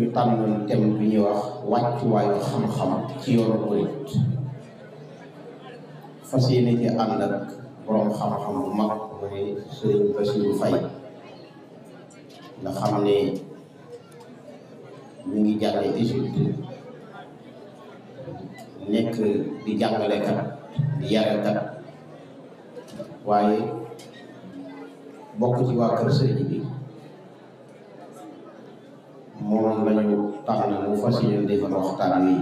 ñu tànnoon thème bi ñuy wax wàccuwaayu xam-xam ci yoonu murit fas yéene ci ànd ak borom xam-xam bu mag mooy sëriñ Bassirou Faye nga xam ne ngi jànge Égypte nekk di jàngalekat di yarekat waaye bokk ci waa kër sëriñ bi moom la ñu taxaw mu fas yéene defal waxtaan wi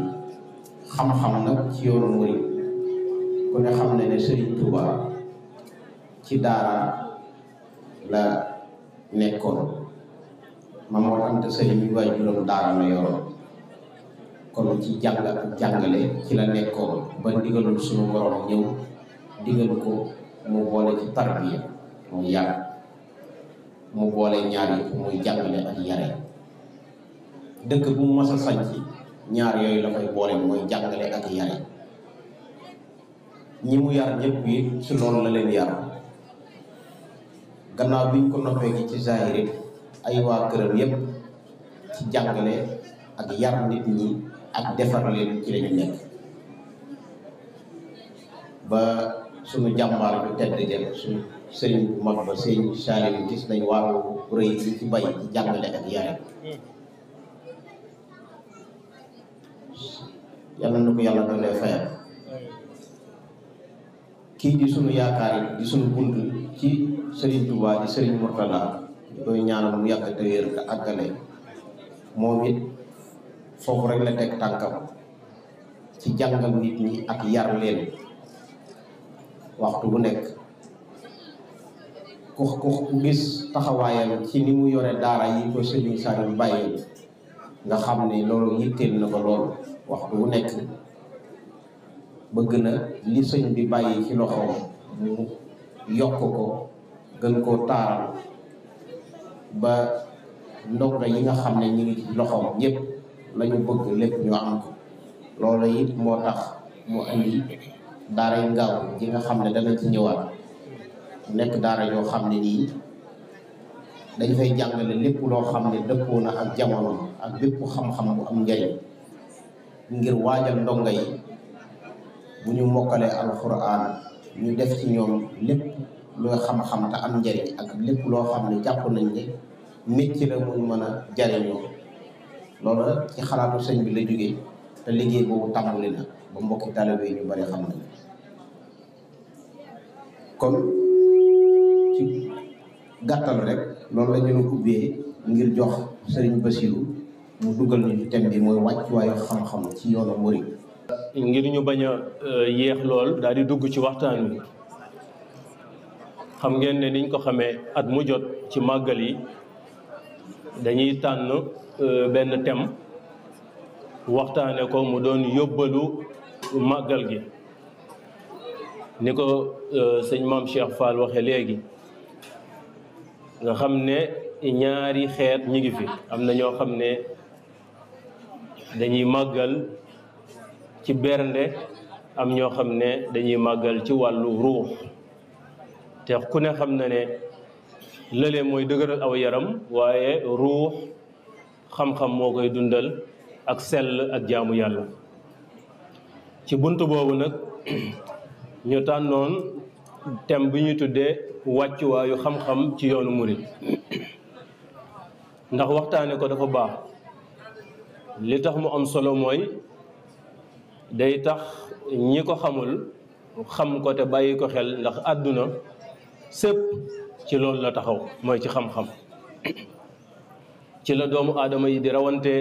xam-xam nag ci yoonu murid ku ne xam ne ne Serigne Touba ci daara la nekkoon ma moo ante Serigne bi waay juróom daara la yoroon kon ci jàng ak jàngale ci la nekkoon ba digalul suñu borom ñëw digal ko mu boole ci tarbiya mu yar mu boole ñaar yi muy jàngale ak yare dëkk bu mu mos a ñaar yooyu la koy boole mooy jàngale ak yare ñi mu yar ñëpp yi ci loolu la leen yar gannaaw biñ ko noppee gi ci zahiri ay waa këram yëpp ci jàngale ak yar nit ñi ak defar leen ci lañu nekk ba sunu jàmbaar bu tedd jël su sëriñ bu mag ba sëriñ Saaliw gis nañ waaru rëy bi ci bay ci ak yare yàlla na ko yàlla doon lay fayal kii di sunu yaakaar yi di sunu bunt ci sëriñ Touba di sëriñ Mourtala di koy ñaanal mu yàgg te wér te moom it foofu rek la teg tànkam ci jàngal nit ñi ak yar leen waxtu bu nekk ku ku gis taxawaayam ci ni mu yore daara yi ko sëriñ Saliou bàyyi nga xam ne loolu yitteel na ko loolu waxtu wu nekk bëgg na li sëñ bi bàyyi ci loxo mu yokk ko gën koo taaral ba ndongo yi nga xam ne ñu ngi ci loxoom ñëpp lañu bëgg lépp ñu am ko loolu it moo tax mu indi daaray ngaaw ji nga xam ne dana ci ñëwaat nekk daara yoo xam ne nii dañ fay jàngale lépp loo xam ne dëppoo na ak jamono ak bépp xam-xam bu am njariñ ngir waajal ndongo yi bu ñu mokkalee alxuraan ñu def ci ñoom lépp loo xam-xam te am njariñ ak lépp loo xam ne jàpp nañ ne métti la muñ mën a jariñoo loolu ci xalaatu sëñ bi la jógee te liggéey boobu tàmbali ba mbokki taalibe yi ñu bari xam nañ kon ci gàttal rek loolu la ñu ngir jox Serigne Bassirou mu dugal ñu ci bi mooy wàccuwaayu xam-xam ci yoonu murid ngir ñu bañ a euh, yéex lool daal di dugg ci waxtaan wi xam ngeen ne niñ ko xamee at mu jot ci màggal yi dañuy tànn euh, benn thème waxtaane ko mu doon yóbbalu màggal gi ni ko euh, sëñ maam Cheikh Fall waxe léegi nga xam ne ñaari xeet ñu ngi fi am na ñoo xam ne dañuy màggal ci bernde am ñoo xam ne dañuy màggal ci wàllu ruux te ku ne xam na ne lële mooy dëgëral aw yaram waaye ruux xam-xam moo koy dundal ak sell ak jaamu yàlla ci bunt boobu nag ñu tànnoon thème bi ñu tuddee wàccuwaayu xam-xam ci yoonu murit ndax waxtaane ko dafa baax li tax mu am solo mooy day tax ñi ko xamul xam ko te bàyyi ko xel ndax àdduna sépp ci loolu la taxaw mooy ci xam-xam ci la doomu aadama yi di rawante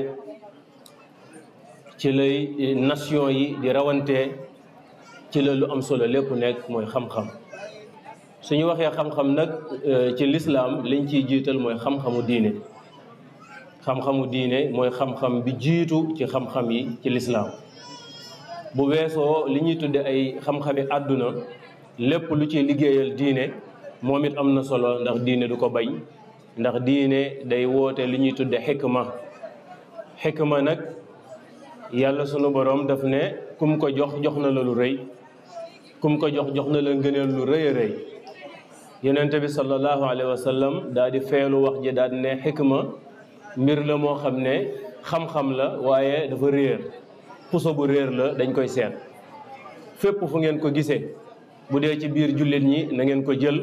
ci lay nation yi di rawante ci la lu am solo lépp nekk mooy xam-xam suñu waxee xam-xam nag euh, ci lislaam liñ ciy jiital mooy xam-xamu diine xam diine mooy xam bi jiitu ci xam-xam yi ci lislaam bu weesoo li ñuy tuddee ay xam-xami àdduna lépp lu ci liggéeyal diine moom it am na solo ndax diine du ko bañ ndax diine day woote li ñuy tuddee xikma xikma nag yàlla sunu boroom daf ne kum ko jox jox na la lu rëy kum ko jox jox na la ngëneel lu rëy rëy yonent bi sallallahu alayhi wa sallam daal di feelu wax ji daadi ne xikma mbir la moo xam ne xam-xam la waaye dafa réer puso bu réer la dañ koy seet fépp fu ngeen ko gisee bu dee ci biir jullit ñi nangeen ko jël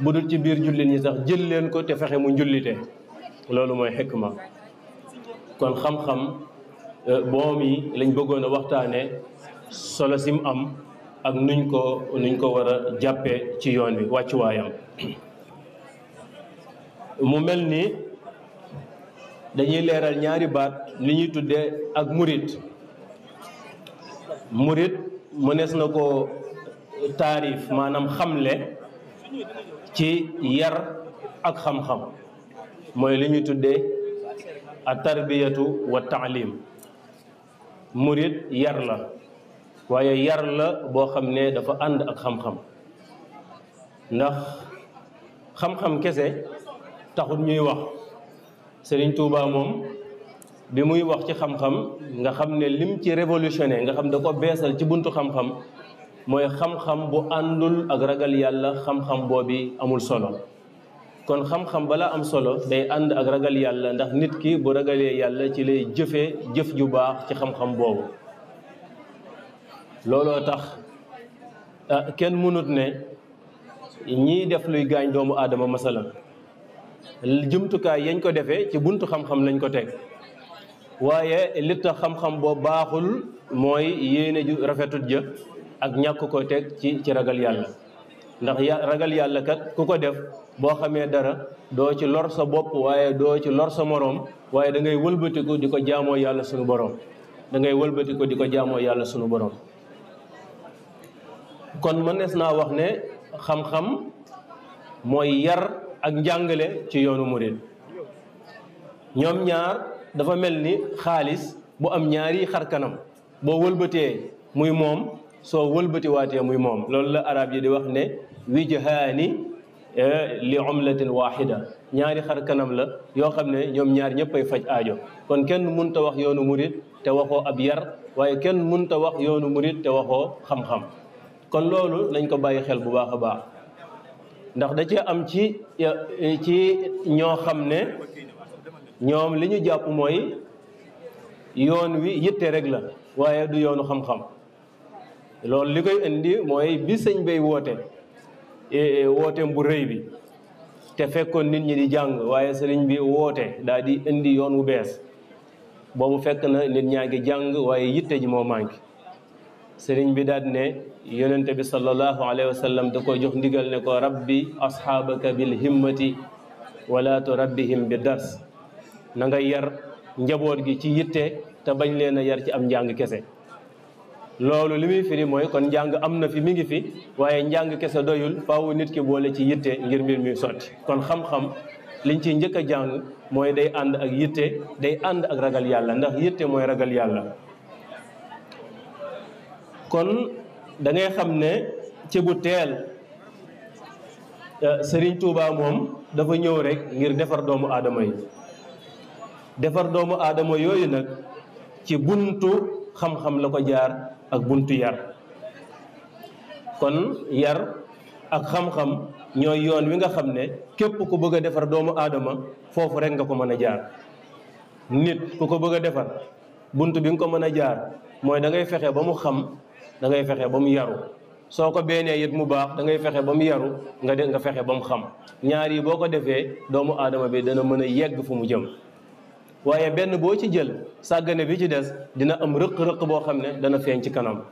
bu dul ci biir jullit ñi sax jël leen ko te fexe mu njullite loolu mooy xikma kon xam-xam euh, boom lañ bëggoon a waxtaane solo sim am ak nuñ ko nuñ ko war a jàppee ci yoon wi wàccuwaayam mu mel ni dañuy leeral ñaari baat li ñuy tuddee ak murit murit mënees na ko taarif maanaam xamle ci yar ak xam-xam mooy li ñuy tuddee a tarbiyatu wa taalim murit yar la waaye yar la boo xam ne dafa ànd ak xam-xam ndax xam-xam kese taxut ñuy wax Serigne tuuba moom bi muy wax ci xam-xam nga xam ne lim ci révolutionné nga xam da ko beesal ci buntu xam-xam mooy xam-xam bu àndul ak ragal yàlla xam-xam boobi amul solo kon xam-xam balaa am solo day ànd ak ragal yàlla ndax nit ki bu ragalee yàlla ci lay jëfee jëf ju baax ci xam-xam boobu looloo tax ah, kenn mënut ne ñiy def luy gaañ doomu aadama masalan jumtukaay yañ ko defee ci buntu xam-xam lañ ko teg waaye li tax xam-xam boo baaxul mooy yéene ju rafetut jë ak ñàkk ko teg ci ci ragal yàlla ndax ya ragal yàlla kat ku ko def boo xamee dara doo ci lor sa bopp waaye doo ci lor sa moroom waaye da ngay wëlbatiku di ko jaamoo yàlla sunu borom da ngay wëlbatiku di ko jaamoo yàlla sunu boroom kon mënees naa wax ne xam-xam mooy yar ak njàngale ci yoonu murid ñoom ñaar dafa mel ni xaalis bu am ñaari xar kanam boo wëlbatee muy moom soo wëlbatiwaatee muy moom loolu la arab yi di wax ne wijhaani eh, li umlatin wahida ñaari xar kanam la yoo xam ne ñoom ñaar ñëpp ay faj aajo kon kenn mënta wax yoonu murid te waxoo ab yar waaye kenn mënta wax yoonu murit te waxoo xam-xam kon loolu nañ ko bàyyi xel bu baax a baax ndax da ci am ci ci ñoo xam ne ñoom li ñu jàpp mooy yoon wi yitte rek la waaye du yoonu xam-xam loolu li koy indi mooy bi sëñ bay woote e, e, wooteem bu rëy bi te fekkoon nit ñi di jàng waaye sëriñ bi woote daal di indi yoon wu bees boobu fekk na nit ñaa jàng waaye yitte ji moo manqué sëriñ bi daal ne yonent bi sallallahu alayhi wa sallam da ko jox ndigal ne ko rabbi asxaabaka bil himmati wala turabbihim bi dars na yar njaboot gi ci yitte te bañ leena yar ci am njàng kese loolu li muy firi mooy kon njàng am na fi mi ngi fi waaye njàng kese doyul faaw nit ki boole ci yitte ngir mbir mi sotti kon xam-xam liñ ci njëkk a jàng mooy day ànd ak yitte day ànd ak ragal yàlla ndax yitte mooy ragal yàlla kon dangay xam ne ci bu teel euh, Serigne Touba moom dafa ñëw rek ngir defar doomu aadama yi defar doomu aadama yooyu nag ci buntu xam-xam la ko jaar ak buntu yar kon yar ak xam-xam ñooy yoon wi nga xam ne képp ko bëgg a defar doomu aadama foofu rek nga ko mën a jaar nit ku ko bëgg a defar bunt bi nga ko mën a jaar mooy da fexe ba mu xam da ngay fexe ba mu yaru soo ko beenee yit mu baax da ngay fexe ba mu yaru nga de nga fexe ba mu xam ñaar yi boo ko defee doomu aadama bi dana mën a yegg fu mu jëm waaye benn boo ci jël sàggane bi ci des dina am rëq-rëq boo xam ne dana feeñ ci kanam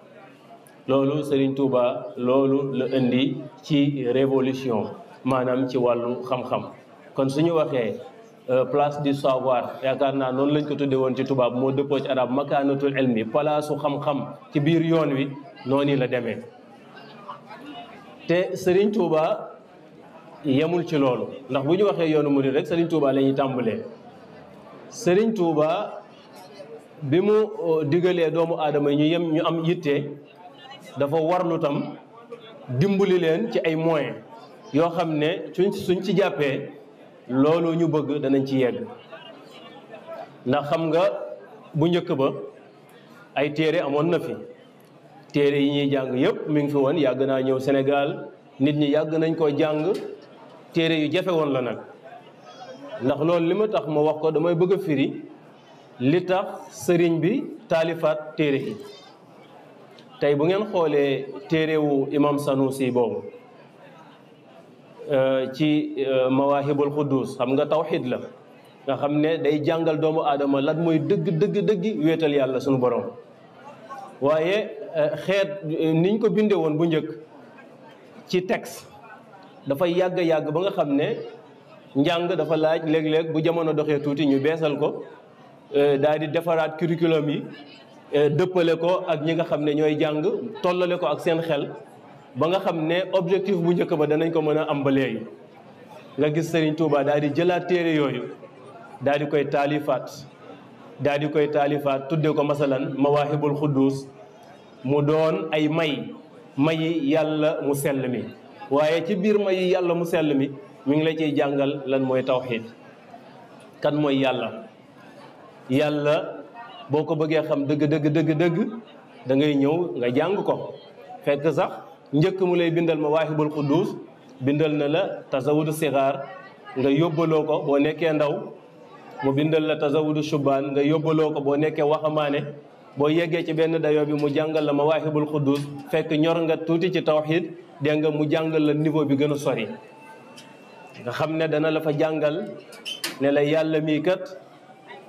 loolu Serigne Touba loolu la indi ci révolution maanaam ci wàllu xam-xam kon suñu waxee Euh, place di savoir yaakaar naa noonu lañ ko tudde woon ci tubaab moo dëppoo ci arab makaanatul ilmi palaasu xam-xam ci biir yoon wi noonu la demee te sëriñ Touba yemul ci loolu ndax bu ñu waxee yoonu murid rek Serigne Touba la ñuy tàmbalee Serigne Touba bi mu euh, digalee doomu aadama ñu yem ñu am yitte dafa warlu tam dimbali leen ci ay moyens yoo xam ne suñ suñ ci jàppee loolu ñu bëgg danañ ci yegg ndax xam nga bu njëkk ba ay téere amoon na fi téere yi ñuy jàng yëpp mi ngi fi woon yàgg naa ñëw senegal nit ñi yàgg nañ koo jàng téere yu jafe woon la nag ndax loolu li ma tax ma wax ko damay bëgg a firi li tax sëriñ bi taalifaat téere yi tey bu ngeen xoolee téerewu wu imam Sanusi boobu Euh, ci euh, mawaahibul quddus xam nga tawxid la nga xam ne day jàngal doomu aadama lan mooy dëgg dëgg dëgg wéetal yàlla sunu borom waaye euh, xeet niñ ko bindee woon bu njëkk ci tex dafay yàgg-yàgg ba nga xam ne njàng dafa laaj léeg-léeg bu jamono doxee tuuti ñu beesal ko daal di defaraat curriculum yi dëppale ko ak ñi nga xam ne ñooy jàng tollale ko ak seen xel ba nga xam ne objectif bu njëkk ba danañ ko mën a am ba léegi nga gis Serigne Touba daal di jëlaat téere yooyu daal di koy taalifaat daal di koy taalifaat tuddee ko masalan mawaahibul xuddus mu doon ay may mayi yàlla mu sell mi waaye ci biir mayi yàlla mu sell mi mu ngi la ciy jàngal lan mooy taw tawxiid kan mooy yàlla yàlla boo ko bëggee xam dëgg dëgg dëgg dëgg ñëw nga jàng ko fekk sax njëkk mu lay bindal ma waahibul quddus bindal na la tazawudu sigaar nga yóbbaloo ko boo nekkee ndaw mu bindal la tazawudu shubaan nga yóbbaloo ko boo nekkee waxamaane boo yeggee ci benn dayoo bi mu jàngal la ma waahibul quddus fekk ñor nga tuuti ci tawxiid dégg nga mu jàngal la niveau bi gën a sori nga xam ne dana la fa jàngal ne la yàlla mii kat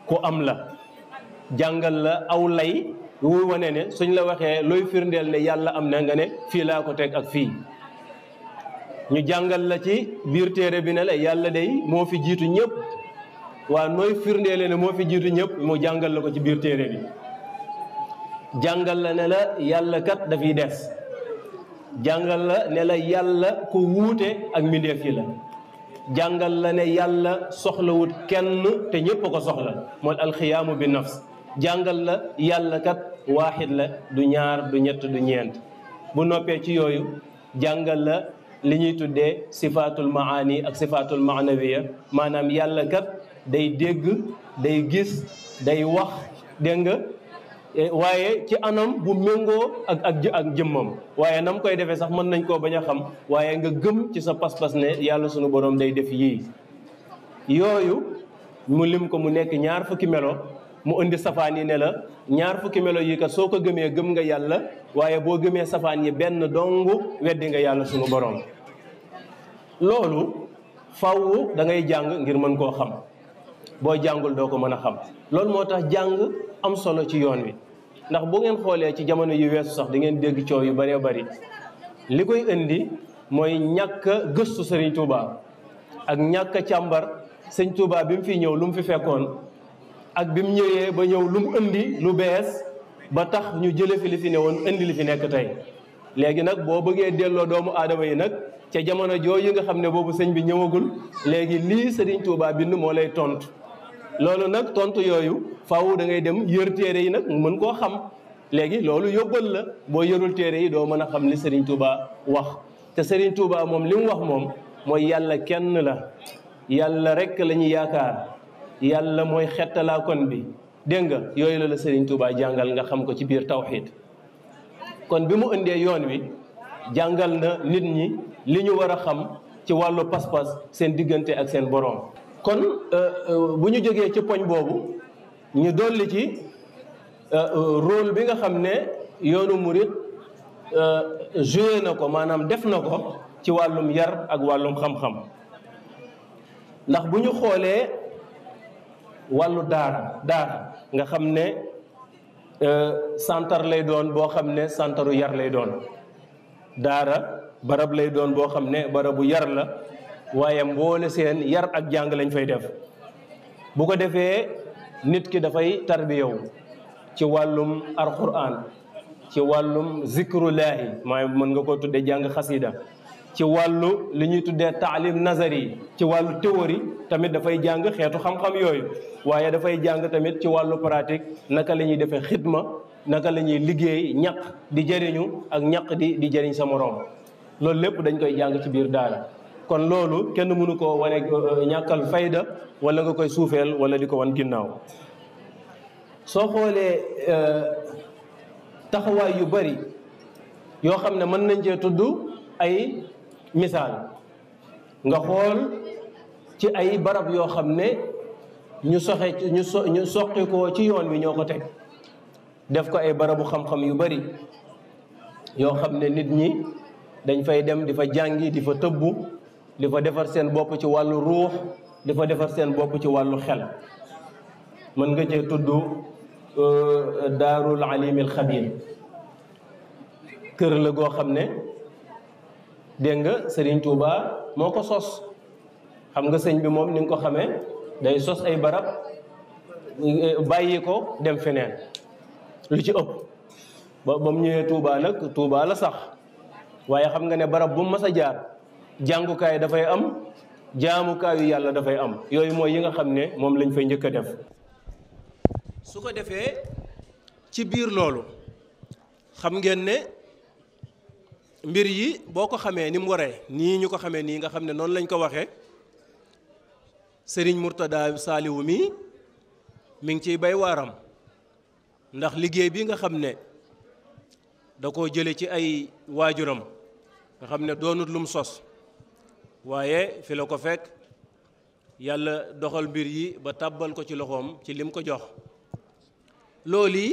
ku am la jàngal la aw lay wuy wane ne suñ la waxee looy firndeel ne yàlla am na nga ne fii laa ko teg ak fii ñu jàngal la ci biir téere bi ne la yàlla day moo fi jiitu ñépp waa nooy firndeele moo fi jiitu ñëpp mu jàngal la ko ci biir téere bi jàngal la ne la yàlla kat dafiy des jàngal la ne la yàlla ku wuute ak mbindeef yi la jàngal la ne yàlla soxlawut kenn te ñëpp ko soxla mooy alxiyaamu bi nafs jàngal la yàlla kat waaxit la du ñaar du ñett du ñeent bu noppee ci yooyu jàngal la li ñuy tuddee sifaatul maani ak sifaatul maanawiya maanaam yàlla kat day dégg day gis day wax dégg nga eh, waaye ci anam bu méngoo ak ak ak jëmmam waaye nam koy defee sax mën nañ koo bañ a xam waaye nga gëm ci sa pas-pas ne yàlla sunu borom day def yii yooyu mu lim ko mu nekk ñaar fukki melo mu indi safaan yi ne la ñaar fukki melo yi ka soo ko gëmee gëm nga yàlla waaye boo gëmee safaan yi benn dong weddi nga yàlla sunu borom loolu faw dangay jàng ngir mën koo xam boo jàngul doo ko mën a xam loolu moo tax jàng am solo ci yoon wi ndax bu ngeen xoolee ci jamono yu weesu sax di ngeen dégg coow yu bëree bari li koy indi mooy ñàkk gëstu sëriñ Touba ak ñàkk càmbar sëñ Touba bi mu fi ñëw lu mu fi fekkoon. ak bi mu ñëwee ba ñëw lu mu indi lu bees ba tax ñu jële fi li fi ne woon indi li fi nekk tey léegi nag boo bëggee delloo doomu aadama yi nag ca jamono jooju nga xam ne boobu sëñ bi ñëwagul léegi lii Sëriñ Tuubaa bind moo lay tontu loolu nag tontu yooyu faaw da ngay dem yër téere yi nag mën koo xam léegi loolu yóbbal la boo yërul téere yi doo mën a xam li Sëriñ Tuubaa wax te Sëriñ Tuubaa moom li wax moom mooy yàlla kenn la yàlla rekk la ñu yaakaar yàlla mooy xettalaa kon bi dégg nga yooyu la la Serigne Touba jàngal nga xam ko ci biir tawxiid kon bi mu indee yoon wi jàngal na nit ñi li ñu war a xam ci wàllu pas-pas seen diggante ak seen boroom. kon euh, euh, bu ñu jógee ci poñ boobu ñu dolli ci euh, rôle bi nga xam ne yoonu murit joué na ko maanaam def na ko ci wàllum yar ak wàllum xam-xam ndax bu ñu xoolee. wàllu daara daara nga xam ne euh, santar lay doon boo xam ne santaru yar lay doon daara barab lay doon boo xam ne barabu yar la waaye mboole seen yar ak jàng lañ fay def bu ko defee nit ki dafay tarbiyaw ci wàllum alquran ci wàllum zikrulaahi maanaam mën nga ko tudde jàng xasida ci wàllu li ñuy tuddee taalim nazari ci wàllu théorie tamit dafay jàng xeetu xam-xam yooyu waaye dafay jàng tamit ci wàllu pratique naka lañuy ñuy defee xidma naka lañuy liggéey ñaq di jariñu ak ñaq di di jëriñ sa moroom loolu lépp dañ koy jàng ci biir daara kon loolu kenn mënu koo wane euh, ñàkkal fayda wala nga koy suufeel wala di ko wan ginnaaw soo xoolee euh, taxawaay yu bari yoo xam ne mën nañ cee tudd ay misaal nga xool ci ay barab yoo xam ne ñu soxe ñu so ñu soqi ko ci yoon wi ñoo ko teg def ko ay barabu xam-xam yu bari yoo xam ne nit ñi dañ fay dem di fa jàngi di fa tëbbu di fa defar seen bopp ci wàllu ruux di fa defar seen bopp ci wàllu xel mën nga cee tudd euh, daarul alimil xabir kër la goo xam ne dégg nga Serigne Touba moo ko sos xam nga sëñ bi moom ni nga ko xamee day sos ay barab bàyyi ko dem feneen lu ci ëpp ba ba mu ñëwee tuubaa nag Touba la sax waaye xam nga ne barab bu mu a jaar jàngukaay dafay am jaamukaayu yàlla dafay am yooyu mooy yi nga xam ne moom lañ fay njëkk a def. su ko defee ci biir loolu xam ngeen ne. mbir yi boo ko xamee ni mu waree nii ñu ko xamee nii nga xam ne noonu lañ ko waxee sëriñ Mourtada saaliwu mi mi ngi ciy bay waaram ndax liggéey bi nga xam ne da koo jële ci ay waajuram nga xam ne doonut lum sos waaye fi la ko fekk yàlla doxal mbir yi ba tàbbal ko ci loxoom ci lim ko jox loolu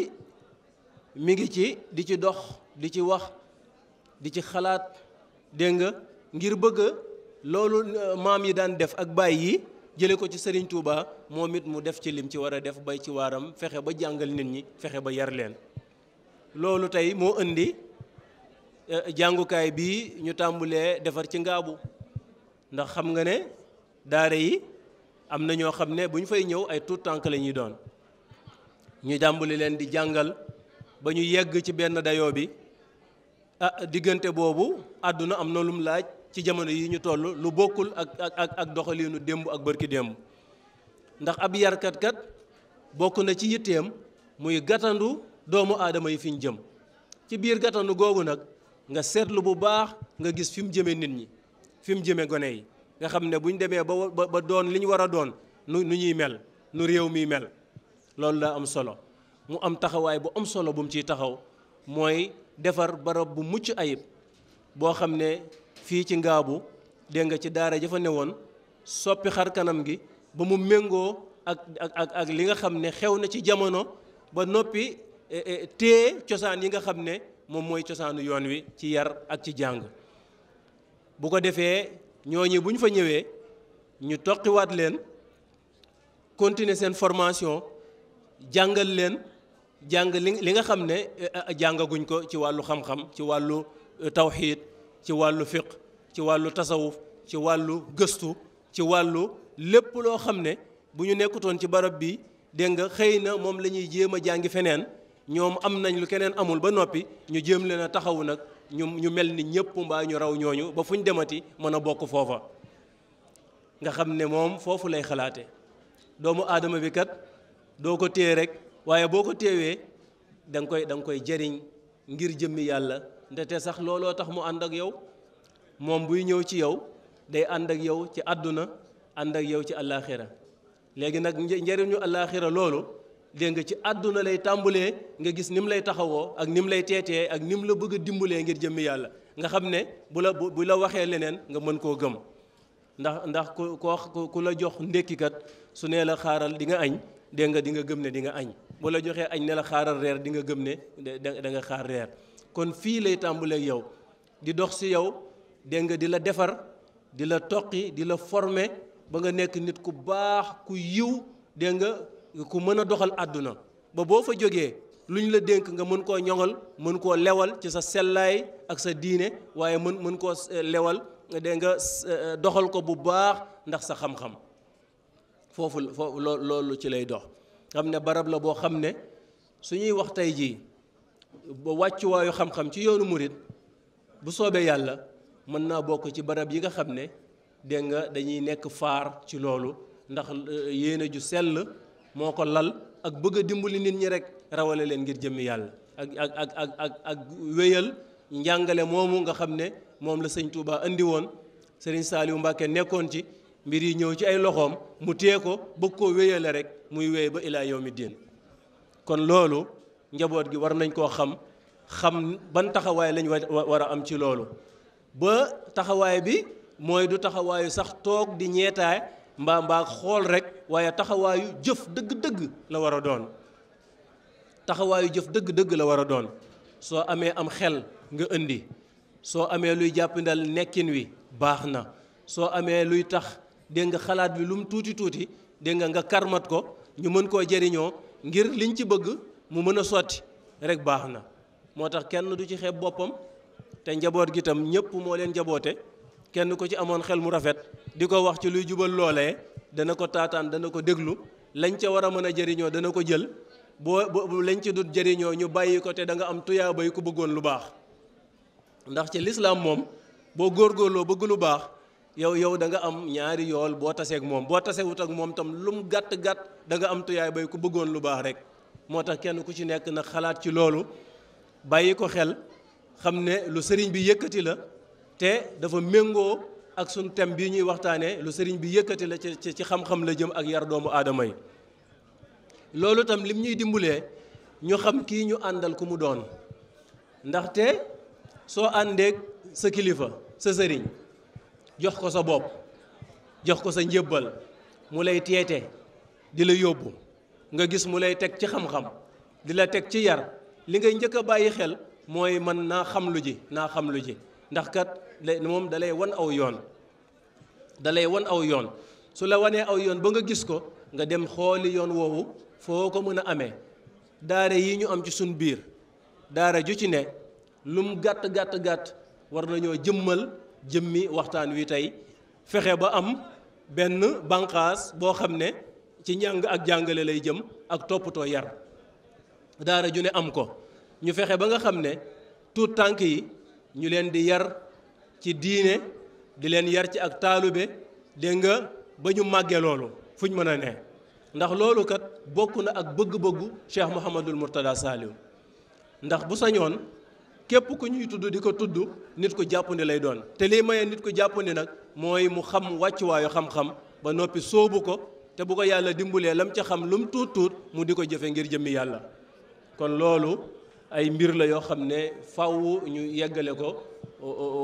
mu ngi ci di ci dox di ci wax di ci xalaat dégg nga ngir bëgg loolu euh, maam yi daan def ak bàyyi yi jële ko ci Serigne Touba moom it mu def ci lim ci war a def bay ci waaram fexe ba jàngal nit ñi fexe ba yar leen loolu tey moo indi euh, jàngukaay bi ñu tàmbulee defar ci ngaabu ndax xam nga ne daara yi am na ñoo xam ne bu ñu fay ñëw ay tuut tànk la doon ñu jàmbuli leen di jàngal ba ñu yegg ci benn dayo bi Ah, diggante boobu àdduna am na lum laaj ci jamono yi ñu toll lu bokkul ak ak ak doxaliinu démb ak bërki démb ndax ab yarkat kat bokk na ci yitteem muy gàttandu doomu aadama yi fi ñu jëm ci biir gàttandu googu nag nga seetlu bu baax nga gis fi mu jëmee nit ñi fi mu jëmee gone yi nga xam ne bu ñu demee ba doon li ñu war a doon nu nu ñuy mel nu réew mi mel loolu laa am solo mu am taxawaay bu am solo bum ciy taxaw mooy. defar barab bu mucc ayib boo xam ne fii ci ngaabu dégg nga ci daara jafa ne woon soppi xar kanam gi ba mu méngoo ak ak ak li nga xam ne xew na ci jamono ba noppi eh, eh, téye cosaan yi nga xam ne moom mooy cosaanu yoon wi ci yar ak ci jàng bu ko defee ñooñu bu ñu fa ñëwee ñu toqiwaat leen continuer seen formation jàngal leen jàng li nga xam ne eh, eh, jàngaguñ ko ci wàllu xam-xam ci wàllu eh, tawxiid ci wàllu fiq ci wàllu tasawuf ci wàllu gëstu ci wàllu lépp loo xam ne bu ñu nekkutoon ci barab bi dégg nga xëy na moom la ñuy jéem a jàngi feneen ñoom am nañ lu keneen amul ba noppi ñu jéem leen a taxawu nag ñu ñu mel ni ñëpp mbaa ñu raw ñooñu ba fu ñu demati mën a bokk foofa nga xam ne moom foofu lay xalaate doomu aadama bi kat doo ko téye rek waaye boo ko teewee da nga koy da nga koy jariñ ngir jëmmi yàlla ndete sax looloo tax mu ànd ak yow moom buy ñëw ci yow day ànd ak yow ci àdduna ànd ak yow ci àllaaxira léegi nag njëriñu àllaaxira loolu dégg nga ci àdduna lay tàmbulee nga gis ni mu lay taxawoo ak ni mu lay teetee ak ni mu la bëgg a dimbalee ngir jëmmi yàlla nga xam ne bu la bu la waxee leneen nga mën koo gëm ndax ndax ku ku la jox kat su nee la xaaral di nga añ dégg nga di nga gëm ne di nga añ bu la joxee añ ne la xaaral reer di nga gëm ne da nga xaar reer kon fii lay tàmbuleeg yow di dox si yow dégg nga di la defar di la toqi di la formé ba nga nekk nit ku baax ku yiw dégg nga ku mën a doxal àdduna ba boo fa jógee lu ñu la dénk nga mën koo ñoŋal mën koo lewal ci sa sellaay ak sa diine waaye mën mën koo eh, lewal dégg nga eh, doxal ko bu baax ndax sa xam-xam foofu loolu ci lay dox xam ne barab la boo xam ne su ñuy wax tey jii ba wàccuwaayu xam-xam ci yoonu murit bu soobee yàlla mën naa bokk ci barab yi nga xam ne dégg nga dañuy nekk faar ci loolu ndax euh, yéene ju sell moo ko lal ak bëgg a dimbali nit ñi rek rawale leen ngir jëmmi yàlla ak ak ak ak wéyal njàngale moomu nga xam ne moom la sëñ Touba andi woon sëriñ Saliou Mbacke nekkoon ci. mbir yi ñëw ci ay loxoom mu téye ko bëgg koo wéyale rek muy wéy ba ilaa yawmi diin kon loolu njaboot gi war nañ koo xam xam ban taxawaay lañ war a am ci loolu ba taxawaay bi mooy du taxawaayu sax toog di ñeetaay mbaa mbaa xool rek waaye taxawaayu jëf dëgg-dëgg la war a doon taxawaayu jëf dëgg-dëgg la war a doon soo amee am xel nga indi soo amee luy jàppandal nekkin wi baax na soo amee luy tax dégg nga xalaat bi lu tuuti tuuti dégg nga nga karmat ko ñu mën koo jariñoo ngir liñ ci bëgg mu mën a sotti rek baax na moo tax kenn du ci xeeb boppam te njaboot gi itam ñëpp moo leen njaboote kenn ko ci amoon xel mu rafet di ko wax ci luy jubal loole dana ko taataan dana ko déglu lañ ca war a mën a jëriñoo dana ko jël boo lañ ci dut jariñoo ñu bàyyi ko te da nga am tuyaaba yi ku bëggoon lu baax ndax ci lislaam moom boo góorgóorloo bëgg lu baax yow yow da nga am ñaari yool boo taseeg moom boo tasewut ak moom tam mu gàtt-gàtt danga am tuyaay bay ku bëggoon lu baax rek moo tax kenn ku ci nekk na xalaat ci loolu bàyyi ko xel xam ne lu sëriñ bi yëkkati la te dafa méngoo ak suñ thème bii ñuy waxtaanee lu sëriñ bi yëkkati la ci ci xam-xam la jëm ak yar doomu aadama yi loolu tam lim ñuy dimbulee ñu xam kii ñu àndal ku mu doon ndaxte soo àndeeg sa kilifa sa sëriñ jox ko sa bopp jox ko sa njëbbal mu lay teete di la yóbbu nga gis mu lay teg ci xam-xam di la teg ci yar li ngay njëkk a bàyyi xel mooy man naa xam lu ji naa xam lu ji ndax kat moom dalay wan aw yoon dalay wan aw yoon su la wanee aw yoon ba nga gis ko nga dem xooli yoon woowu foo ko mën a amee daara yi ñu am ci suñ biir daara ju ci ne lum gàtt gàtt gàtt war nañoo jëmmal jëmmi waxtaan wi tey fexe ba am benn banqaas boo xam ne ci njàng ak jàngale lay jëm ak toppatoo yar daara ju ne am ko ñu fexe ba nga xam ne tuut tànk yi ñu leen di yar ci diine di leen yar ci ak taalube dégg nga ba ñu màggee loolu fuñ mën a ne ndax loolukat bokk na ak bëgg-bëggu Cheikh Mouhamadul Mourtada Saliou ndax bu sañoon képp ku ñuy tudd di ko tudd nit ku jàppandi lay doon te lii maye nit ku jàppandi nag mooy mu xam wàccuwaayu xam-xam ba noppi soobu ko te bu ko yàlla dimbalee lam ca xam lu mu tuut tuut mu di ko jëfe ngir jëmmi yàlla kon loolu ay mbir la yoo xam ne faw ñu yeggale ko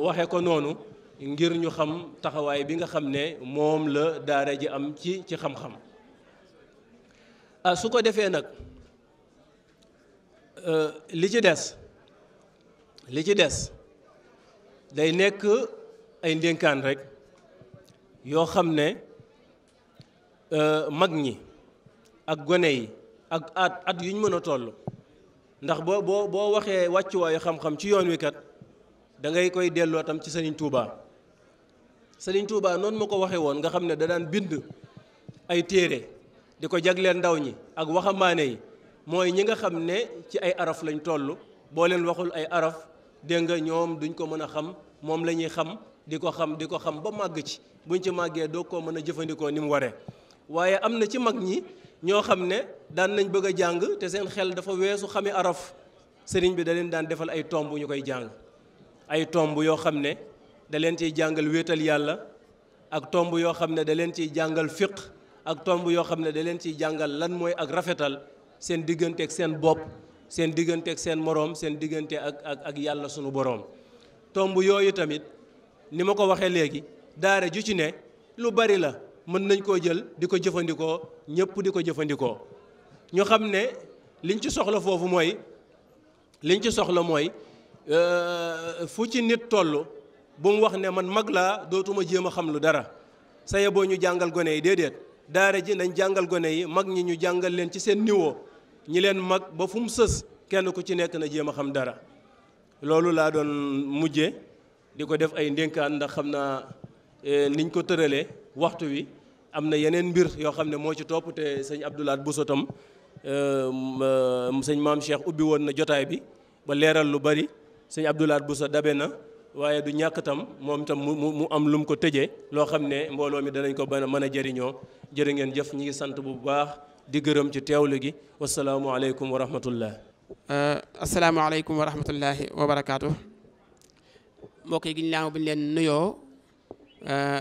waxe ko noonu ngir ñu xam taxawaay bi nga xam ne moom la daara ji am ci ci xam-xam ah, su ko defee nag euh, li ci des li ci des day nekk ay ndénkaan rek yoo xam ne euh, mag ñi ak gone yi ak at at yuñ mën a toll ndax boo boo boo waxee wàccuwaayu xam-xam ci yoon wi kat dangay koy delloo tam ci Serigne Touba Serigne Touba noonu ma ko waxee woon nga xam ne da daan bind ay téere di ko jagleel ndaw ñi ak waxambaane yi mooy ñi nga xam ne ci ay araf lañ toll boo leen waxul ay araf dégg nga ñoom duñ ko mën a xam moom la ñuy xam di ko xam di ko xam ba màgg ci buñ ci màggee doo ko mën a jëfandikoo ni mu waree waaye am na ci mag ñi ñoo xam ne daan nañ bëgg a jàng te seen xel dafa weesu xami araf sëriñ bi da leen daan defal ay tomb ñu koy jàng ay tomb yoo xam ne da leen ciy jàngal wéetal yàlla ak tomb yoo xam ne da leen ciy jàngal fiq ak tomb yoo xam ne da leen ciy jàngal lan mooy ak rafetal seen diggante ak seen bopp seen diggante ak seen moroom seen diggante ak ak ak yàlla sunu boroom tomb yooyu tamit ni ma ko waxee léegi daara ju ci ne lu bari la mën nañ koo jël di ko jëfandikoo ñëpp di ko jëfandikoo ñu xam ne liñ ci soxla foofu mooy liñ ci soxla mooy euh, fu ci nit toll bu mu wax ne man mag laa dootuma jéem a xam lu dara saye boo ñu jàngal gone yi déedéet daara ji nañ jàngal gone yi mag ñi ñu jàngal leen ci seen niveau ñi leen mag ba fu sës kenn ku ci nekk na jéem a xam dara loolu laa doon mujje di ko def ay ndénkaan ndax xam naa eh, niñ ko tëralee waxtu wi am na yeneen mbir yoo xam ne moo ci topp te sëñ Abdoulaat Bousso tam eh, sëñ maam Cheikh ubbi woon na jotaay bi ba leeral lu bari sëñ Abdoulaat Bousso dabe na waaye du ñàkk tam moom tam mu mu mu am lu mu ko tëjee loo xam ne mbooloo mi danañ ko mën a jariñoo jërë ngeen jëf ñi ngi sant bu baax. di gërëm ci teewlu gi wasalaamualeykum wa rahmatullah euh, asalaamaaleykum wa rahmatullahi wa barakaatu mbokk yi ginnaaw bi ñu leen nuyoo euh,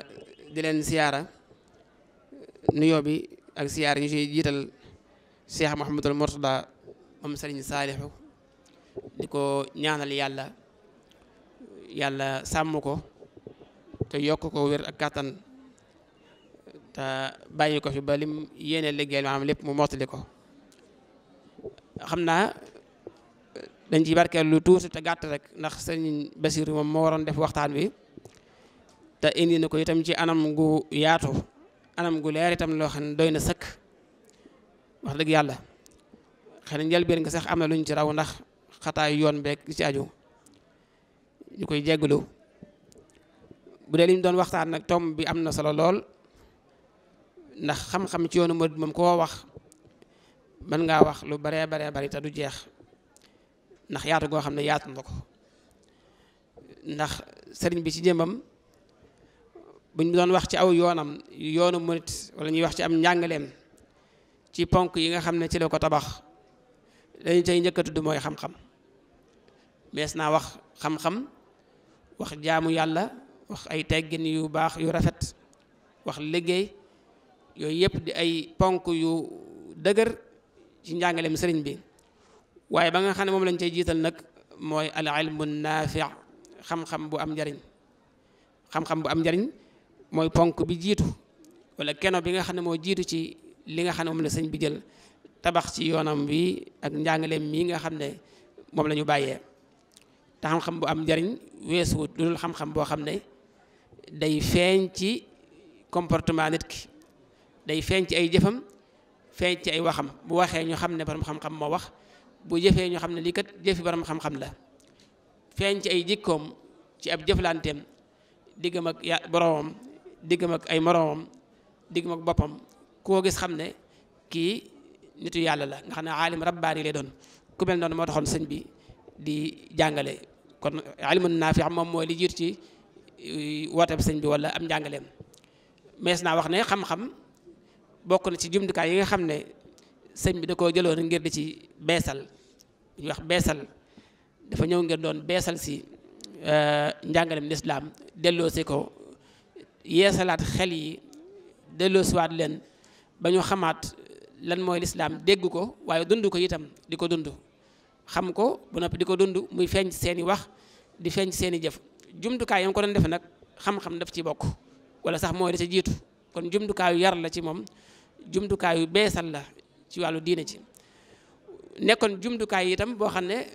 di leen siyaara nuyoo bi ak siyaara ñu ciy jiital Cheikh Mouhamadul Mourtada moom Sëriñ Saalixu di ko ñaanal yàlla yàlla sàmm ko te yokk ko wér ak kàttan te bàyyi ko fi ba lim yéene liggéeyal maanaam lépp mu mottali ko xam naa dañ ciy barkeel lu tuuti te gàtt rek ndax sañ Basiir moom moo waroon def waxtaan wi te indi na ko itam ci anam gu yaatu anam gu leer itam loo xam ne doy na sëkk wax dëgg yàlla xëy na njëlbeen nga sax am na luñ ci raw ndax xataay yoon beeg ci aju ñu koy jégalu bu dee li doon waxtaan nag tomb bi am na solo lool. ndax xam-xam ci yoonu murid moom koo wax mën ngaa wax lu baree baree bari te du jeex ndax yaatu goo xam ne yaatu na ko ndax sëriñ bi ci jëmbam buñ doon wax ci aw yoonam yoonu murid wala ñuy wax ci am njàngaleem ci ponk yi nga xam ne ci la ko tabax lañu cay njëkk a tudd mooy xam-xam mees naa wax xam-xam wax jaamu yàlla wax ay teggin yu baax yu rafet wax liggéey yooyu yëpp di ay ponk yu dëgër ci njàngaleem sëriñ bi waaye ba nga xam ne moom lañ cay jiital nag mooy al ilmu naafi' xam-xam bu am njariñ xam bu am njariñ mooy ponk bi jiitu wala keno bi nga xam ne moo jiitu ci li nga xam ne moom la sëñ bi jël tabax ci yoonam wi ak njàngaleem mii nga xam ne moom la bàyyee te xam-xam bu am njariñ weesuwut lu dul xam-xam boo xam ne day feeñ ci comportement nit ki day feeñ ci ay jëfam feeñ ci ay waxam bu waxee ñu xam ne borom xam-xam moo wax bu jëfee ñu xam ne lii kat jëfi borom xam-xam la feeñ ci ay jikkoom ci ab jëflanteem diggam ak ya boromam diggam ak ay moromam diggam ak boppam koo gis xam ne kii nitu yàlla la nga xam ne aalim rabbaani lay doon ku mel noonu moo bi di jàngale kon alimun naafi moom mooy li jiitu ci wooteeb sëñ bi wala am njàngaleem mees naa wax ne xam-xam bokk na ci jumtukaay yi nga xam ne sëñ bi da koo jëloon ngir di ci beesal ñu wax beesal dafa ñëw ngir doon beesal si euh, njàngalem lislaam delloo si ko yeesalaat xel yi delloo siwaat leen ba ñu xamaat lan mooy lislaam dégg ko waaye dund ko itam di ko dund xam ko ba noppi di ko dund muy feeñ seen i wax di feeñ seeni i jëf jumtukaay yi nga ko doon defe nag xam-xam daf ci bokk wala sax mooy da ci jiitu kon jumtukaayu yar la ci moom jumtukaay yu beesal la ci wàllu diine ci nekkoon jumtukaay yi itam boo xam ne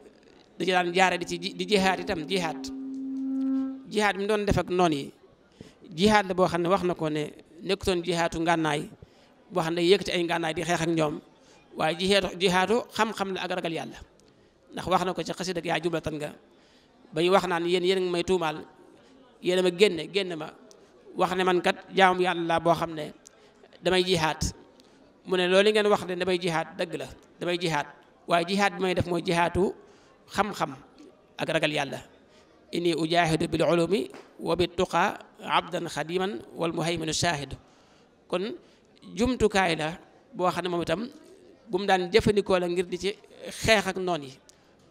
dañu jaare di ci di jihaat itam jihaat jihaat bi mu doon def ak noon yi jihaat la boo xam ne wax na ko ne nekkutoon jihaatu ngànnaay boo xam ne yëkkati ay ngànnaay di xeex ak ñoom waaye jihaatu jihaatu xam-xam la ak ragal yàlla ndax wax na ko ci xasida ak yaa jublatan nga ba ñu wax naan yéen yéen ngi may tuumaal yéen ma génne génne ma wax ne man kat jaamu yàlla boo xam ne damay jihaat mu ne loolu ngeen wax de damay jihaat dëgg la damay jihaat waaye jihaat bi may def mooy jihaatu xam-xam ak ragal yàlla inni ujaahidu bil ulumi wa bi tuqa abdan xadiman wal muhayminu shaahidu kon jumtukaay la boo xam ne moom itam bu daan jëfandikoo la ngir di ci xeex ak noon yi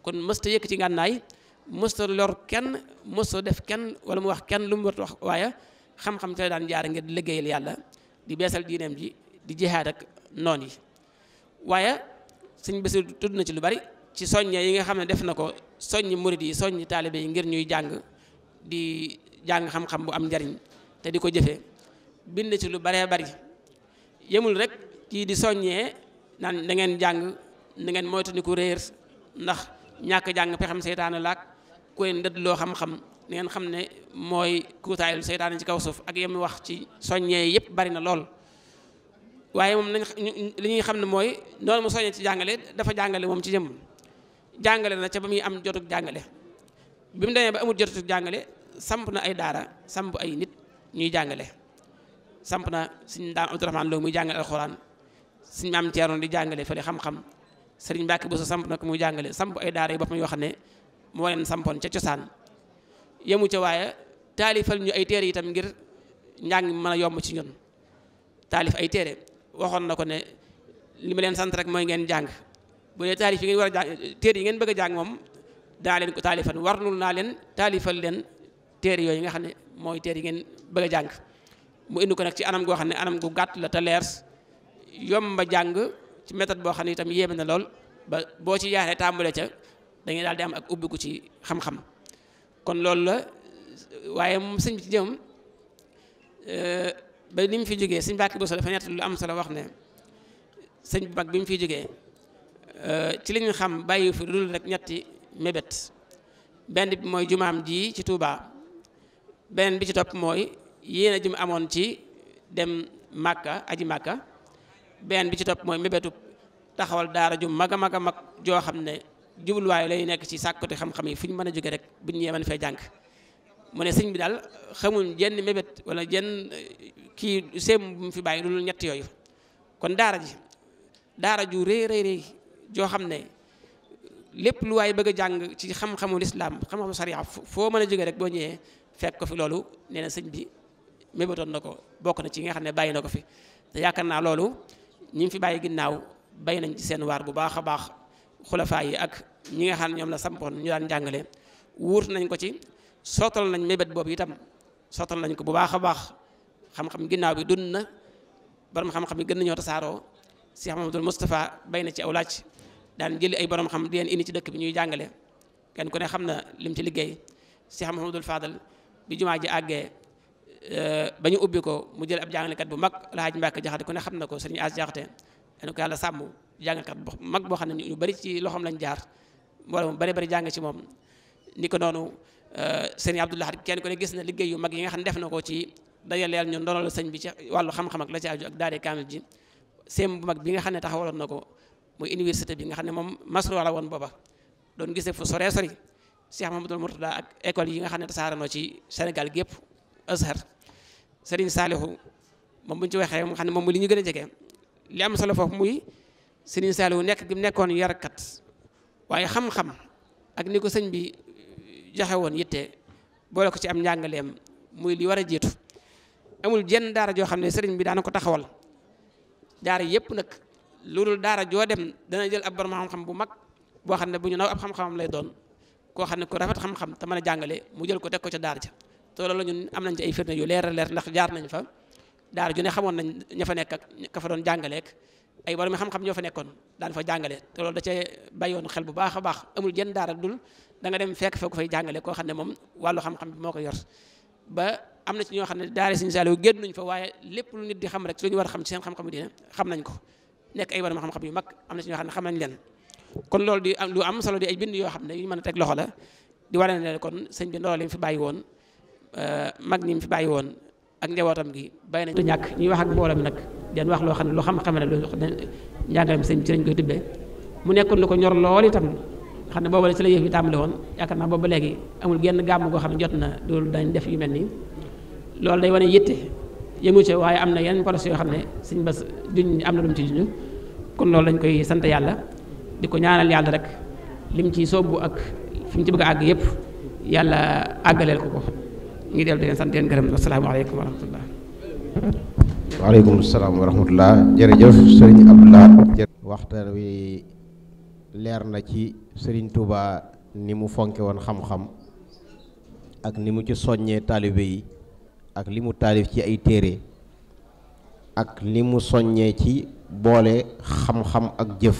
kon mësta yëkk ci ngànnaay mësta lor kenn mësta def kenn wala mu wax kenn lu mu war wax waaye xam-xam te daan jaar ngir liggéeyal yàlla di beesal diineem ji di jihaad ak noon yi waaye sëñ Basiru tudd na ci lu bari ci soññe yi nga xam ne def na ko soññ murid yi soññ taalibe yi ngir ñuy jàng di jàng xam-xam bu am njariñ te di ko jëfee bind ci lu baree bari yemul rek kii di soññee naan da ngeen jàng da ngeen moytandiku réer ndax ñàkk jàng pexem seytaane laak ku leen dëdd loo xam-xam da ngeen xam ne mooy kuutaayul seytaane ci kaw suuf ak yem wax ci soññee yëpp bari na lool waaye moom nañ li ñuy xam ne mooy noonu mu soññee ci jàngale dafa jàngale moom ci jëmm jàngale na ca ba muy am jotug jàngale bi mu demee ba amul jotug jàngale samp na ay daara samp ay nit ñuy jàngale samp na suñ daam Abdourahmane Lo muy jàngale alxuraan suñ maam Ceerno di jàngale fële xam-xam sëriñ Mbàkke Buso samp na ko muy jàngale samp ay daara yi boppam yoo xam ne moo leen sampoon ca cosaan yemu ca waaye taalifal ñu ay téere itam ngir njàng mi a yomb ci ñun taalif ay téere waxoon na ko ne li ma leen sant rek mooy ngeen jàng bu dee taalif yi ngeen war a jàng téer yi ngeen bëgg a jàng moom daa leen ko naa leen taalifal leen téer yooyu nga xam ne mooy téer yi ngeen bëgg a jàng mu indi ko nag ci anam goo xam ne anam gu gàtt la te leer yomba jàng ci méthode boo xam ne itam yéeme na lool ba boo ci yaaree tàmbale ca da ngay daal di am ak ubbiku ci xam-xam kon loolu la waaye moom sëñ bi ci jëm euh, ba ni mu fi jógee sëñ Mbàkke Bousso dafa nett lu am solo wax ne sëñ bu mag bi mu fi jógee euh, ci li ñu xam bàyyi fi dul rek ñetti mébét benn bi mooy jumaam ji ci tuubaa beneen bi ci topp mooy yéena ji amoon ci dem Màkka aji Màkka beneen bi ci topp mooy mébétu taxawal daara ju mag a mag a mag joo xam ne jubluwaay lay nekk ci sàkkati xam-xam yi fu ñu mën a jóge rek bu ñu yee mën fay jàng mu ne sëñ bi daal xamuñ jenn mébét wala jenn kii seem bu mu fi bàyyi lu ñett yooyu kon daara ji daara ju rëy rëy joo xam ne lépp lu waaye bëgg a jàng ci xam-xamu lislaam xam-xamu sariya foo mën a jóge rek boo ñëwee fekk ko fi loolu nee sëñ bi mébatoon na ko bokk na ci nga xam ne bàyyi na ko fi yaakaar naa loolu ñi fi bàyyi ginnaaw bàyyi nañ ci seen waar bu baax a baax xulafaa yi ak ñi nga xam ne ñoom la sampoon ñu daan jàngale wuut nañ ko ci sootal nañ mébét boobu itam sootal nañ ko bu baax a baax xam-xam ginnaaw bi dund na borom xam-xam yi gën nañoo tasaaroo Cheikh Mamadou Moustapha bay na ci aw laaj daan jëli ay borom xam di leen indi ci dëkk bi ñuy jàngale kenn ku ne xam na lim ci liggéey Cheikh Mamadou Fadal bi jumaa ji àggee euh, ubbi ko mu jël ab jàngalekat bu mag Alhaaj Mbàkke Jaxate ku ne xam na ko sëriñ As Jaxate dañu ko mag boo xam ne ñu bari ci loxoom lañ jaar wala mu bari bari jàng ci moom ni ko noonu euh, sëriñ Abdoulaye kenn ku gis na liggéey yu mag yi nga xam ne def na ko ci dajaleel ñu ndonolu sëñ bi ci wàllu xam-xam ak la ci aju ak daare kaamil ji seem bu mag bi nga xam ne tax taxawaloon na ko muy université bi nga xam ne moom masruwa la woon booba doon gisee fu soree sori Cheikh Mamadou Mourtada ak école yi nga xam ne tasaaranoo ci Sénégal gépp Azhar Serigne Salihu moom bu ñu ci waxee mu xam ne moom mu li ñu gën a jege li am solo foofu muy Serigne Salihu nekk gi mu nekkoon yarkat waaye xam-xam ak ni ko sëñ bi joxe woon yitte boole ko ci am njàngaleem muy li war a jiitu amul jenn daara joo xam ne sëriñ bi daana ko taxawal daara yëpp nag lu dul daara joo dem dana jël ab borom xam-xam bu mag boo xam ne bu ñu naw ab xam-xamam lay doon koo xam ne ku rafet xam-xam te mu jël ko teg ko ca daara ja te loolu ñun am nañ ci ay firnde yu leer a leer ndax jaar nañ fa daara ju ne xamoon nañ ña fa nekk ka fa doon jàngaleek ay borom xam ñoo fa nekkoon daan fa jàngale te loolu da cee bàyyoon xel bu baax baax amul jenn daara dul da dem fekk fa fay jàngale koo xam ne moom wàllu xam-xam moo ko yor ba am na ci ñoo xam ne daara Sëriñ Saaliw génn nañ fa waaye lépp lu nit di xam rek su ñu war a xam ci seen xam-xamu diine xam nañ ko nekk ay borom xam-xam yu mag am na ci xam ne xam nañ leen kon loolu di lu am solo di ay bind yoo xam ne yu mën a teg loxo la di wane ne kon sëñ bi ndool li mu bàyyi woon euh, mag ñi fi bàyyi woon ak njabootam gi bàyyi nañ te ñàkk ñuy wax ak mbooloo mi nag den wax loo xam ne lu xam-xam la loolu njàngalem sëñ bi ci lañ koy tibbee mu nekkoon lu ko ñor lool itam xam ne booba la ci la yëf yi tàmbali woon yaakaar naa booba léegi amul genn gàmm goo xam ne jot na loolu dañ def yu mel nii loolu day wane yitte yëmu ci waaye am na yenn projet yoo xam ne sëñ ba juñ am na lu mu ci juñ kon loolu dañ koy sant yàlla di ko ñaanal yàlla rek lim ci soobu ak fi mu ci bëgg a àgg yëpp yàlla àggaleel ko ko ngi dellu di leen sant leen gërëm asalaamaaleykum wa rahmatullah waaleykum salaam wa rahmatullah jërëjëf sëriñ Abdoulaye waxtaan wi leer na ci sëriñ Touba ni mu fonke woon xam-xam ak ni mu ci soññee taalibe yi ak li mu taalif ci ay téere ak li mu soññee ci boole xam-xam ak jëf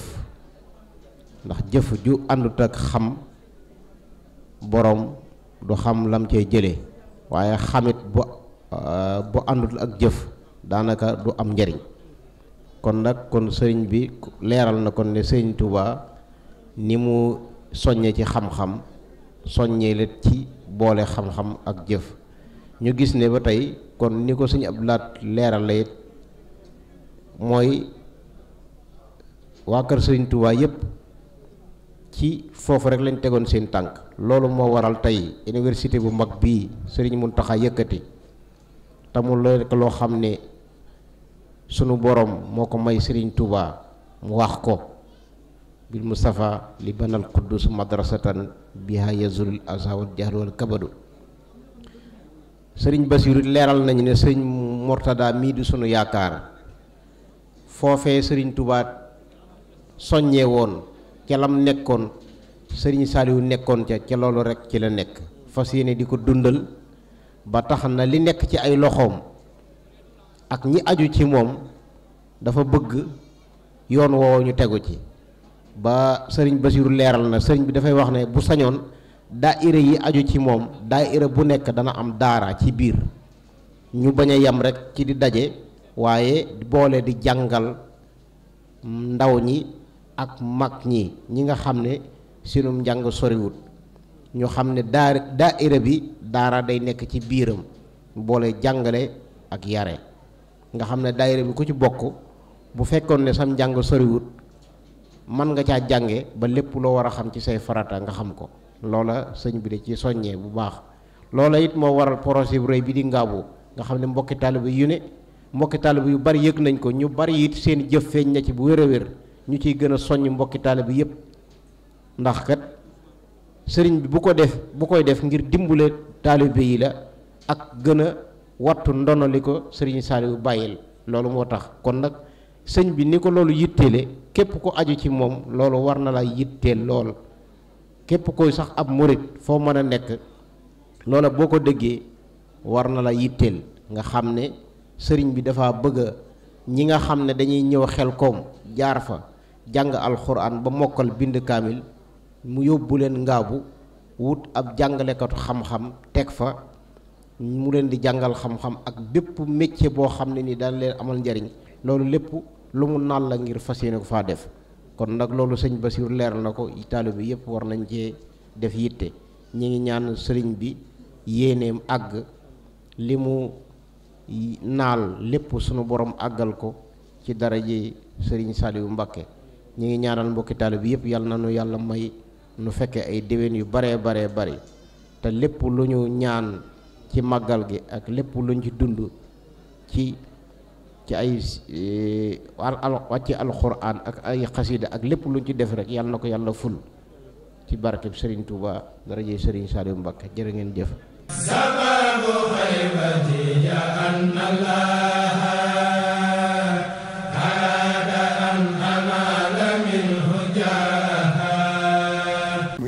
ndax jëf ju àndut ak xam boroom du xam lam cee jëlee waaye xamit bu euh, bu àndut ak jëf daanaka du am njariñ kon nag kon sëriñ bi leeral na kon ne sëriñ Tuubaa ni mu soññee ci xam-xam soññee leen ci boole xam-xam ak jëf ñu gis ne ba tey kon ni ko suñu ab laat leeral la it mooy waa kër sëriñ Tuubaa yépp ci foofu rek lañ tegoon seen tànk loolu moo waral tey université bu mag bii sëriñ Muntaxa yëkkati te mu lekk loo xam ne sunu boroom moo ko may sëriñ Tuubaa mu wax ko mu safa li banal quddus madrasatan biha yazulul aza wal jahlu wal kabadu sëriñ Basiru leeral nañu ne sëriñ Mortada mii di sunu yaakaar foofee sëriñ tubaat soññee woon ca lam nekkoon sëriñ Saaliwu nekkoon ca ca loolu rek ci la nekk fas yéene di ko dundal ba tax na li nekk ci ay loxoom ak ñi aju ci moom dafa bëgg yoon woowu ñu tegu ci ba sëriñ Basiru leeral na sëriñ bi dafay wax ne bu sañoon daaira yi aju ci moom daaira bu nekk dana am daara ci biir ñu bañ a yem rekk ci di daje waaye boole di jàngal ndaw ñi ak mag ñi ñi nga xam ne sinum njàng soriwut ñu xam ne daara daaira bi daara day nekk ci biiram boole jàngale ak yare nga xam ne daaira bi ku ci bokk bu fekkoon ne sam njàng soriwut mën nga caa jànge ba lépp loo war a xam ci say farata nga xam ko loola sëñ bi da ci soññee bu baax loola it moo waral projet bu réy bi di ngaaboo nga xam ne mbokki taaliba yu ne mbokki taaliba yu bari yëg nañ ko ñu bari it seen jëf feeñ na ci bu wér a wér ñu ciy gën a soññ mbokki taaliba yëpp ndax kat sëriñ bi bu ko def bu koy def ngir dimbule taalibe yi la ak gën a wattu ndono ko sëriñ Saliou bàyyil loolu moo tax kon nag sëñ bi ni ko loolu yitteele képp ko aju ci moom loolu war na la yitteel lool képp koy sax ab morit foo mën a nekk loola boo ko déggee war na la yitteel nga xam ne sëriñ bi dafa bëgg ñi nga xam ne dañuy ñëw xel koom jaar fa jàng alxuraan ba mokkal bind kaamil mu yóbbu leen ngaabu wut ab jàngalekatu xam-xam teg fa mu leen di jàngal xam-xam ak bépp métier boo xam ne ni daal leen amal njariñ loolu lépp lu mu naan la ngir fas yéene ko faa def kon nag loolu sëñ Basiir leeral na ko taalibe yëpp war nañ cee def yitte ñi ngi ñaan sëriñ bi yéeneem àgg li mu naal lépp sunu boroom àggal ko ci dara ji sëriñ Saliou Mbakke ñi ngi ñaanal mbokki taalibe yëpp yàlla na nu yàlla may nu fekkee ay déwén yu baree baree bari te lépp lu ñu ñaan ci màggal gi ak lépp lu ñu ci dund ci ci ay eh, al wàcce ak ay xasida ak lépp luñ ci def rek yàlla na ko yàlla ful ci barkeb Serigne Touba daraje Serigne Saliou Mbacké jërë ngeen jëf sababu xaybati ya anna allah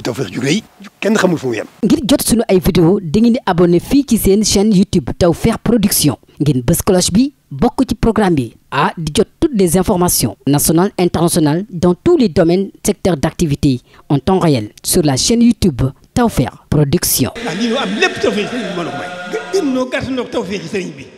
Tawfekh ju rëy kenn xamul fu mu yem ngir jot suñu ay vidéo dangeen di abonné fii ci seen chaîne YouTube Tawfekh Production ngeen bës cloche bi bokk ci programme bi ah di jot toutes les informations nationales internationales dans tous les domaines secteurs d'activité en temps réel sur la chaîne YouTube Tawfekh Production. ah lii am lépp tawfeex sëriñ bi mën a may. gën noo gàtt noo tawfeex sëriñ bi.